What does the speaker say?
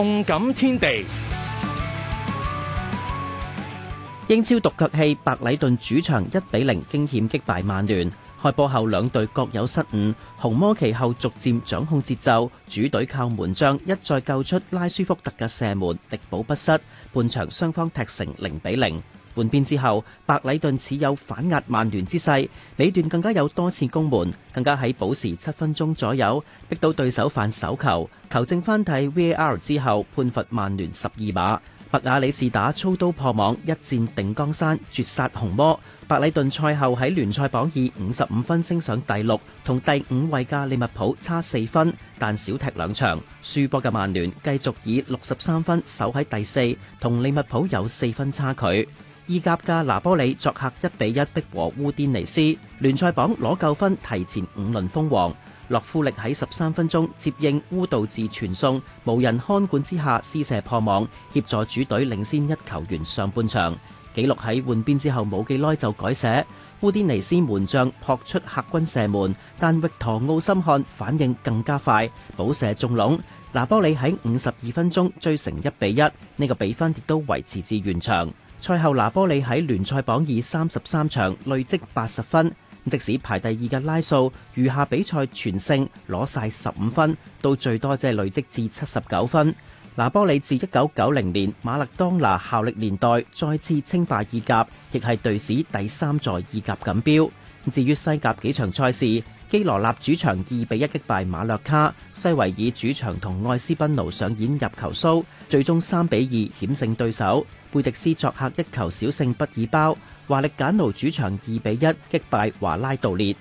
動感天地，英超獨腳戲，白禮頓主場一比零驚險擊敗曼聯。開波後兩隊各有失誤，紅魔其後逐漸掌控節奏，主隊靠門將一再救出拉舒福特嘅射門，力保不失。半場雙方踢成零比零。換邊之後，白禮頓持有反壓曼聯之勢，尾段更加有多次攻門，更加喺補時七分鐘左右逼到對手犯手球，球證翻睇 VAR 之後判罰曼聯十二碼。麥雅里斯打操刀破網，一戰定江山，絕殺紅魔。白禮頓賽後喺聯賽榜以五十五分升上第六，同第五位嘅利物浦差四分，但少踢兩場輸波嘅曼聯繼續以六十三分守喺第四，同利物浦有四分差距。意甲嘅拿玻里作客一比一逼和烏甸尼斯，聯賽榜攞夠分，提前五輪封王。洛夫力喺十三分鐘接應烏道治傳送，無人看管之下施射破網，協助主隊領先一球員，上半場記錄喺換邊之後冇幾耐就改寫。烏甸尼斯門將撲出客軍射門，但域陀奧森漢反應更加快，補射中籠。拿玻里喺五十二分鐘追成一比一，呢個比分亦都維持至完場。賽後，拿玻里喺聯賽榜以三十三場累積八十分，即使排第二嘅拉素餘下比賽全勝，攞晒十五分，都最多只係累積至七十九分。拿玻里自一九九零年馬勒當拿效力年代再次稱霸意甲，亦係隊史第三座意甲錦標。至於西甲幾場賽事。基羅納主場二比一擊敗馬略卡，西維爾主場同愛斯賓奴上演入球騷，最終三比二險勝對手。貝迪斯作客一球小勝畢爾包，華力簡奴主場二比一擊敗華拉道列。